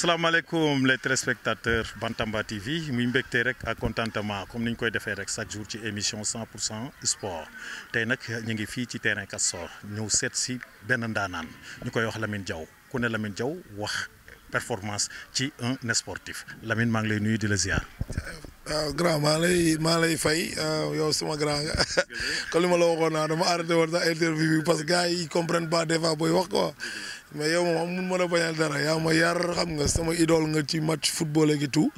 salaamaaleykum les téléspectateurs Bantamba TV muy mbégte rek ak contentement comme ni ñu koy defee rek chaque jour ci émission 100 pour cent tey nag ñu ngi fii ci terrain Castors ñëw seet si benn ndaanaan ñu koy wax lamin Diaw ku ne lamin jaw wax performance ci un sportif Lamine maa ngi lay nuyu di la ziar. waaw grand maa lay maa lay fay yow sama grand nga li ma la waxoon naa ah, dama arrêté woon sax interview bi parce que gars yi comprennent pas des fois booy wax mais yow moom mun ma la bañal dara yaa ma yar xam nga sama idole nga ci match football ak tout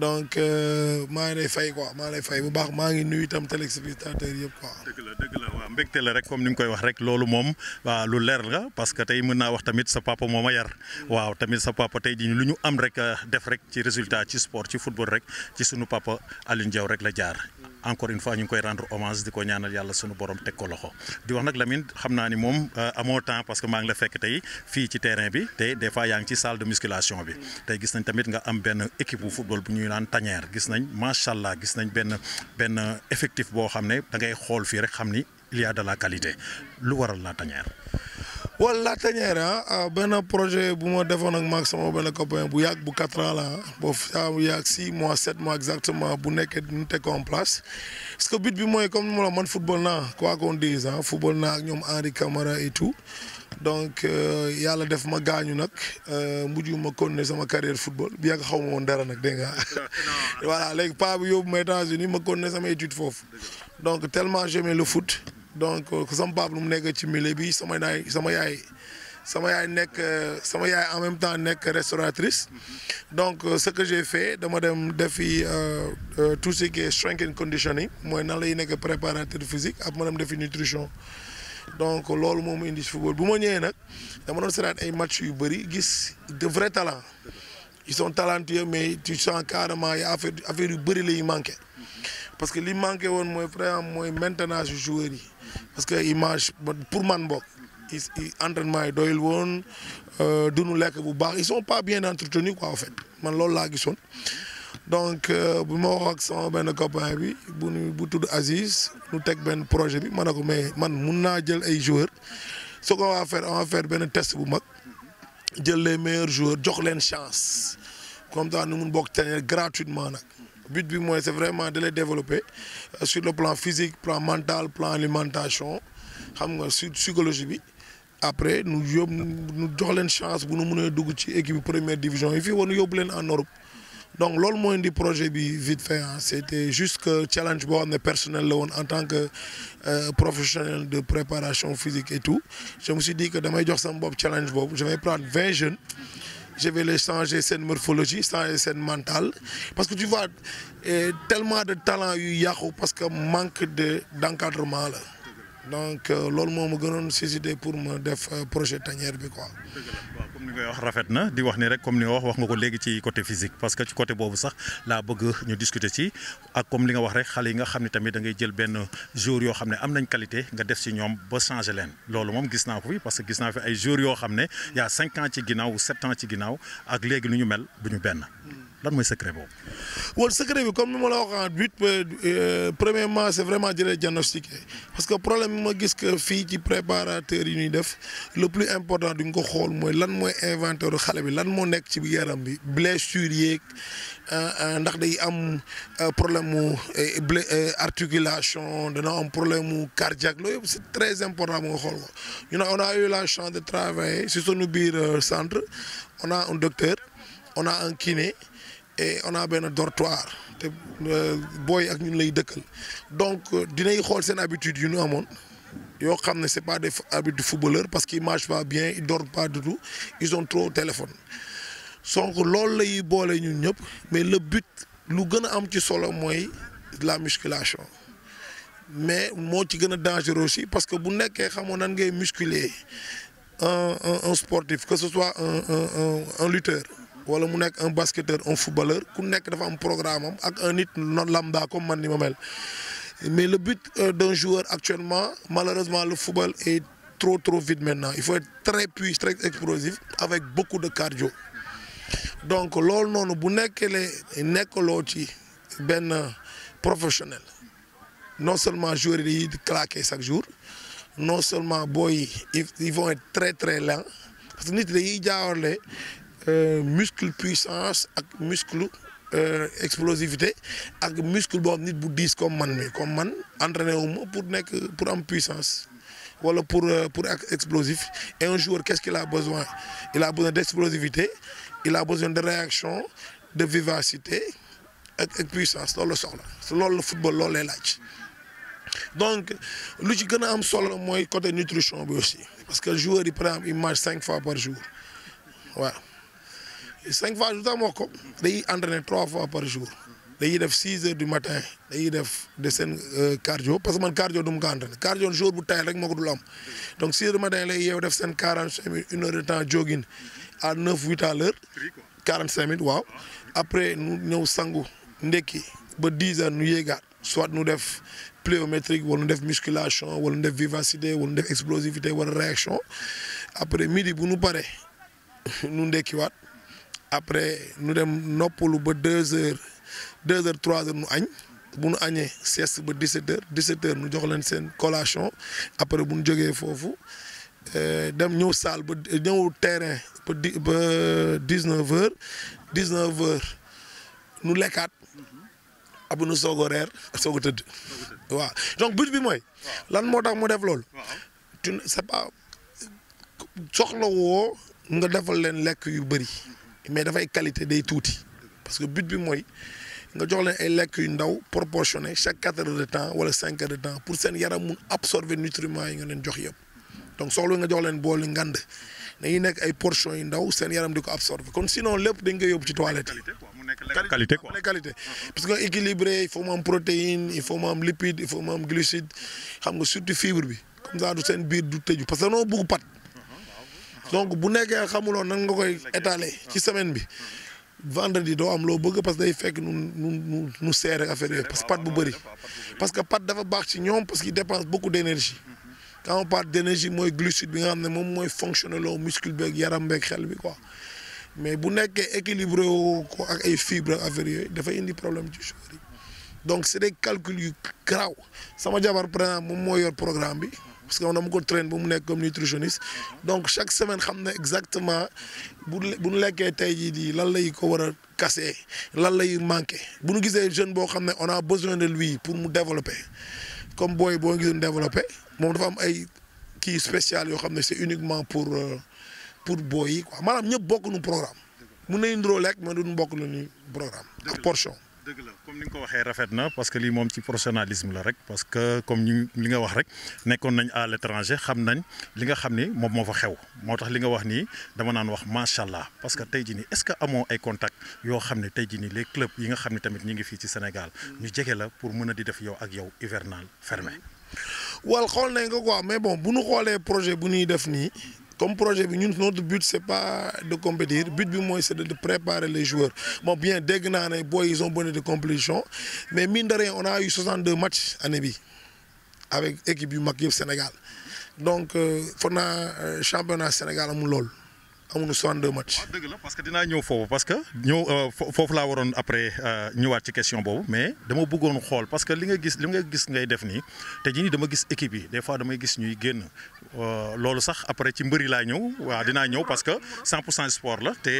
donc euh, maa ngi lay fay maa ngi lay fay bu baax maa ngi nuyu itam téléspectateur yëpp quoi. dëgg la dëgg rek comme ni nga koy wax rek loolu moom waaw lu leer la parce tey mën naa wax tamit sa papa moo ma yar. waaw tamit sa papa tey jii lu ñu am rek euh, def rek ci résultat ci sport ci football rek ci sunu papa Alioune Diaw rek la jaar. encore une fois ñu ngi koy rendre hommage di ko ñaanal yàlla sunu borom teg ko loxo di wax nag Lamine xam naa ni moom euh, amoo temps parce que maa ngi la fekk tey fii ci de musculation bi tey gis nañ am benn équipe ñu naan Tanière gis nañ macha allah gis nañ benn benn effectif boo xam ne da ngay xool fii rek xam ni il y a de la qualité lu waral la Tanière. wala la Tanière ah, ah, benn projet bu ma defoon ak maag sama benn copain bu yàgg bu quatre ans la boo fa yàgg six mois sept mois exactement bu nekkee ñu teg ko en place parce que but bi mooy comme ni ma la man football naa quoi qu'on dise ah, football naa ak ñoom Henri Camara et donc euh, yàlla def ma gaañu nag euh, mujj ma continuer sama carrière football bi nga xaw ma woon dara nag dégg nga voilà léegi paa bi yóbbu ma États-Unis ma continuer sama étude foofu donc tellement j'aimais le foot donc euh, sama paa lu mu nekk ci milieu bi sama naay sama yaay sama yaay nekk sama yaay en même temps nekk restauratrice mm-hmm. donc ce que j'ai fait dama dem defi tout ce qui est strength and conditioning mooy nan lay nekk préparateur physique ak ma dem defi nutrition. donc loolu moom indi si football bu ma ñëwee nag dama doon seetaan ay match yu bëri gis de vrai talent ils sont talentueux mais tu sens carrément y a affaire affaire yu bëri la yu manqué parce que li manqué woon mooy vraiment mooy maintenance yu yi parce que image pour man bokk entraînement yi doyul woon euh, duñu lekk bu baax ils sont pas bien entretenus quoi en fait man loolu laa gisoon donc euh, bu ma wax ak benn copain bi bu nu bu tudd Aziz nu teg benn projet bi ma ne ko mais man mun naa jël ay joueurs soo qu'on va faire benn test bu mag jël les meilleurs joueurs jox leen chance comme ça nu mun bokk tenir gratuitement nag but bi mooy c'est vraiment de les développer euh, sur le plan physique plan mental plan alimentation xam nga sur psychologie bi après nu yóbbu nu jox leen chance bu nu mënee dugg ci équipe première division yi fii war nu yóbbu leen en donc loolu mooy di projet bi vite fait ah c' était juste que challenge boo xam ne personnel la woon en tant que euh, professionnel de préparation physique et tout je me suis dit que damay jox sa bopp challenge boobu je vais prendre jeunes je vais les changer seen morphologie changer seen mental parce que tu vois tellement de talent yu yàqu parce que manque de d' la. donc euh, loolu moo ma gënoon suscité pour ma def euh, projet tanière bi quoi. waaw comme ni ngay wax rafet na di wax ni rek comme ni nga wax wax nga ko léegi ci côté physique parce que ci côté boobu sax laa bëgg ñu discuter ci ak comme li nga wax rek xale yi nga xam ne tamit da ngay jël benn jour yoo xam ne am nañ qualité nga def ci ñoom ba changer leen loolu moom gis naa ko fi parce que gis naa fi ay jours yoo xam ne y a cinq ans ci ginnaaw ou ans ci ginnaaw ak léegi lu ñu mel bu ñu benn hmm. lan mooy secret boobu. wala secret bi comme ni ma la waxee but euh, euh, premièrement c'est vraiment jëlee diagnostiqué parce que problème bi ma gis que fii ci préparateur yi ñuy def le plus important duñ ko xool mooy lan mooy inventaire xale bi lan moo nekk ci yaram bi blessure yeeg euh, ndax day am problème mu articulation dana am problème mu cardiaque loolu yëpp c'est très important mu nga xool ko ñu ne on a eu la chance de travailler si sunu biir centre on a un docteur on a un kiné. et on a benn dortoir te euh, booy ak ñun lay dëkkal donc euh, dinay xool seen habitude yu ñu amoon yoo xam ne c'est pas de habitudes de footballeur parce qu'ils mangent pas bien ils dorment pas du tout ils ont trop téléphone donc loolu lay boole ñun ñëpp mais le but lu gën a am ci solo mooy la musculation mais moo ci gën a dangereux aussi parce que bu nekkee xamoon nan ngay musculer un un un sportif que ce soit un un un wala mu nekk un basketteur un footballeur ku nekk dafa am programme am ak un nit non lambda comme man ni ma mel mais le but euh, d'un joueur actuellement malheureusement le football est trop trop vite maintenant il faut être très puissant très explosif avec beaucoup de cardio donc loolu noonu bu nekkee nekkaloo ci benn professionnel non seulement joueurs yi dañuy claquer chaque jour non seulement booy ils vont être très très lents parce que nit dañuy jaawale Euh, muscle puissance ak muscle euh, explosivité ak muscle boo xam nit bu diis comme man mi comme man entraîné wu pour nekk pour am puissance wala pour euh, pour ak explosif et un joueur qu'est-ce qu'il a besoin il a besoin de réaction de vivacité ak ak puissance loolu la soxla loolu la football loolu lay laaj donc lu ci gën a am solo mooy côté nutrition bi aussi parce que joueur yi par exemple il cinq fois par jour waaw cinq fois lu tax ma wax ko dañuy entraîner trois fois par jour dañuy def six heures du matin dañuy def de seen euh, cardio parce que man cardio du mu ko entraîner cardio jour bu tayal rek moo ko dul am donc six heures du matin lay yeew def seen quarante cinq minutes une heure de temps jogging à neuf huit à l'heure quarante après nu ñëw sangu ndekki ba dix heures nu yéegaat soit nu def pliométrique wala nu def musculation wala nu def vivacité wala nu def explosivité wala réaction après midi bu nu paree nu ndekkiwaat après nu dem noppalu ba deux heures deux heures trois heures nu añ bu nu añee sieste ba dix sept heures dix sept heures nu jox leen seen collation après bu nu jógee foofu euh, dem ñëw salle ba ñëw terrain ba di ba dix neuf heures dix neuf nu lekkaat ab nu soog reer soog a tëdd waaw donc but bi mooy lan moo tax mu def loolu tu c'est soxla woo nga defal leen lekk yu bëri mais dafay qualité day tuuti parce que but bi mooy nga jox leen ay lekk yu ndaw proportionné chaque quatre heures de temps wala cinq heures de temps pour seen yaram mun absorber nutriments yi nga leen jox yëpp donc soxlu nga jox leen boolu ngand dañuy nekk ay portions yu ndaw seen yaram di ko absorber kon sinon lépp dañ koy yóbbu ci toilette yi. qualité quoi qualité parce que équilibré il faut mu am protéine il faut mu lipide il faut mu glucide xam nga surtout fibre bi comme ça seen biir du tëju parce pat. donc bu nekkee xamuloo nan nga koy étaler ci semaine bi vendredi doo am loo bëgg parce que day fekk nu nu nu seere affaire yooyu parce que pat bu bëri parce que pat dafa baax ci ñoom parce que dépense beaucoup d'énergie quand on parle d'énergie mooy glucide bi nga xam ne moom mooy fonctionner loo muscle beeg yaram beeg xel bi ko mais bu nekkee équilibré woo ko ak ay fibres affaire yooyu dafay indi problème ci joueur yi donc c'est des calcul yu garaaw sama jabar par moom moo yor programme bi parce que on dama ko train ba mu nekk comme nutritionniste donc chaque semaine xam ne exactement bu bu ñu lekkee tey jii di lan lay ko war a casser lan lay manqué bu ñu gisee jeune boo xam ne on a besoin de lui pour mu développer comme booy boo ngi doon développer moom dafa am ay kii spécial yoo xam ne c'est uniquement pour euh, pour booy yi quoi maanaam ñëpp bokk nu programme mun nañu nduroo lekk mais duñu bokk lu ñuy programme ak portion dëgg la comme ni nga ko waxee rafet na parce que lii moom ci professionnalisme la rek parce que comme li nga wax rek nekkoon nañ à l'étranger xam nañ li nga xam ni moom moo fa xew moo tax li nga wax nii dama naan wax macha allah parce que tey jii nii est-ce que amoo ay contacts yoo xam ne tey jii nii les clubs yi nga xam ne tamit ñu ngi fii ci Sénégal ñu jege la pour mën a di def yow ak yow hivernal fermé. wal xool nañ ko quoi mais bon bu ñu xoolee projet comme projet bi ñun notre but c' est pas de compétir but bi mooy c' est de préparer les joueurs moo bien dégg naa ne booy ils ont bonne de compétition mais mine de rien on a eu 62 matchs année bi avec équipe yu mag yëpp Sénégal donc euh, foog naa euh, championnat Sénégal amul lool. amuñu 62 matchs. waaw ah, dëgg la parce que dinaa ñëw foofu parce que ñëw euh, foofu laa waroon après euh, ñëwaat ci question boobu mais dama bëggoon xool parce que li nga gis li nga gis ngay def nii te ji nii dama gis équipe yi des fois damay gis ñuy génn euh, loolu sax après ci mbëri laa ñëw waaw dinaa ñëw parce que 100 pour cent sport la te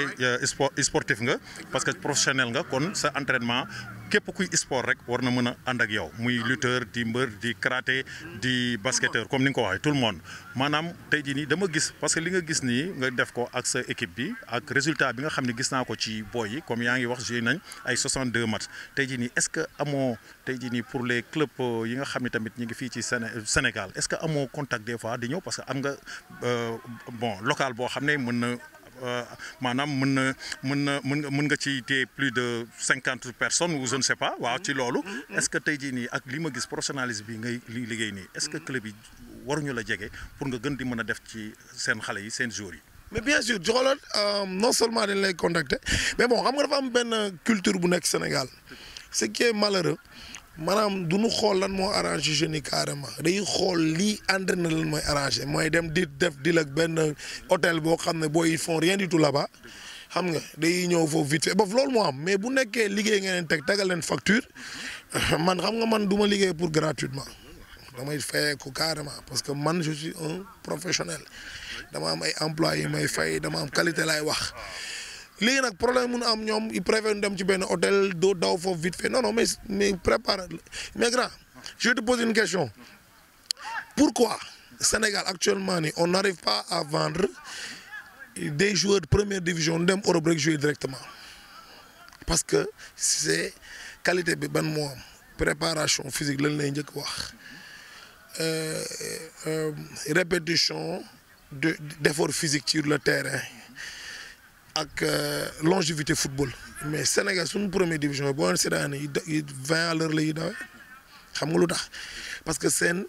sport sportif nga parce que professionnel nga kon sa entraînement. képp kuy sport rek war na mën a ànd ak yow muy lutteur di mbër di karaté di basketteur comme ni nga ko wax tout le monde maanaam gis parce que li nga gis nii nga def ko ak sa équipe bi ak résultat bi nga xam ne gis naa ko ci boy yi comme yaa ngi wax joué nañ ay 62 matchs tey jii nii est-ce que amoo tey jii nii pour les clubs euh, yi nga xam ne tamit ñu ngi fii ci Sénégal est-ce que amoo contact des fois di ñëw parce que am nga euh, bon local boo xam ne mën na. Euh, maanaam mën na mën na mën nga mën nga ci téye plus de cinquante personnes ou je ne sais pas waaw ci loolu. Mm-hmm. Mm-hmm. est-ce que tey jii nii ak li ma gis professionnalisme bi ngay liggéey nii. est-ce que mm-hmm. club yi waruñu la jege pour nga gën di mën a def ci seen xale yi seen joueurs yi. mais bien sûr joxoloon euh, non seulement dañ lay contacter mais bon xam nga dafa am benn culture bu nekk Sénégal ce qui est malheureux maanaam du ñu xool lan moo arrangé jeunes yi carrément xool lii ànd na mooy arrangé mooy dem di def di ak benn hôtel boo xam ne booy ils font rien du tout là-bas xam nga day ñëw foofu vite fait loolu moo am mais bu nekkee liggéey nga leen teg tegal leen facture man xam nga man du ma liggéey pour gratuitement damay fayee ko carrément parce que man je suis un professionnel dama am ay employés yu may fay dama am qualité laay wax. léegi nag problème mun am ñoom ils préfèrent dem ci benn hôtel doo daw foofu vite fait non non mais mais prépare mais grand je te pose une question pourquoi Sénégal actuellement ni on n'arrive pas à vendre des joueurs de première division dem Europe rek jouer directement parce que c'est qualité bi ban moo am préparation physique lañ lay njëkk wax euh, euh, répétition. de d'effort physique sur le terrain ak euh, longévité football mais Sénégal suñu première division boo leen seetaan yi vingt à dawee xam nga lu tax parce que seen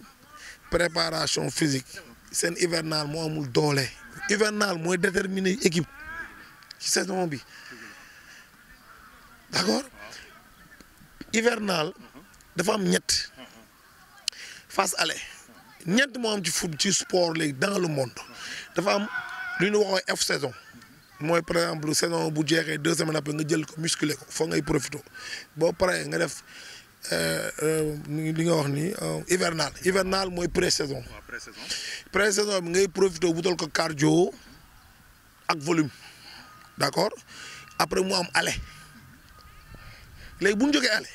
préparation physique seen hivernal moo amul doole. hivernal mooy déterminer équipe ci saison bi d'accord hivernal dafa am ñett face aller ñett moo am ci foot ci sport léegi dans le monde. dafa am lu ñu waxoo F saison mooy par exemple saison bu jeexee deux semaines après nga jël ko musculer ko foo ngay profité boo paree nga def euh, euh, li nga wax ni euh, hivernal hivernal mooy près saison. près saison bi ngay profité wutal ko cardio ak volume d'accord après mu am aller léegi bu ñu jógee aller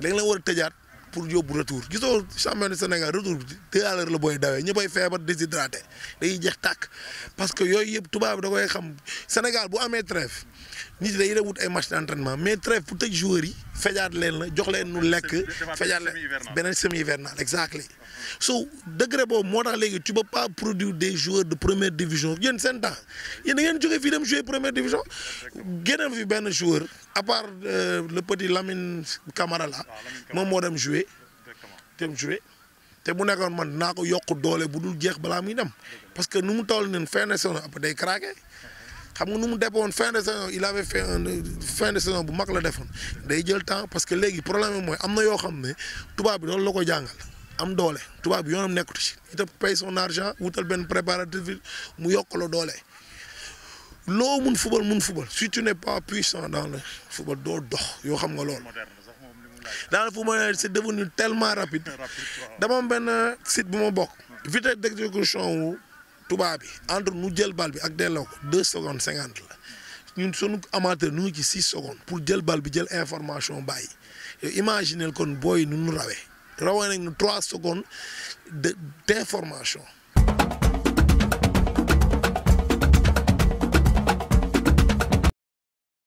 léegi la war a tëjaat. pour yóbbu retour gisoo champion du Sénégal retour bi deux à l'heure la booy dawee ñëppay feebar déshydraté day jeex tàkk parce que yooyu yëpp tubaab da koy xam Sénégal bu amee trêve nit ñi dañuy wut ay match d'entraînement mais trêve pour tëj joueurs yi fejaat leen la jox leen nu lekk fejaat leen beneen semi hivernal exactly so degré boobu moo tax léegi tu peux pas produit des joueurs de première division yéen seen temps yéen da ngeen jógee fii dem jouer première division génne fi benn joueur à part euh, le petit Lamine Camara là ah, moom moo dem jouer dem jouer te bu nekkoon man naa ko yokk doole bu dul jeex balaa muy dem parce que nu mu toll nii fin de saison après xam nga nu mu defoon fin de saison il bu mag la defoon day jël temps parce que léegi problème bi am na yoo xam ne tubaab bi loolu la ko jàngal am doole tubaab bi yoonam nekkatu ci itam pay son argent wutal benn préparatif mu yokk la doole. loo mun football mun football si ne n'es pas puissant dans le football doo dox yoo xam nga loolu. dans le football c'est devenu tellement rapide. dama am benn site bu ma bokk. vitesse tubaab yi entre nu jël bal bi ak delloo ko deux secondes cinquante la ñun sunu amateur ñu ngi ci six secondes pour jël bal bi jël information bàyyi yow imaginez kon booy nu nu rawee rawee nañ nu trois secondes de d' information.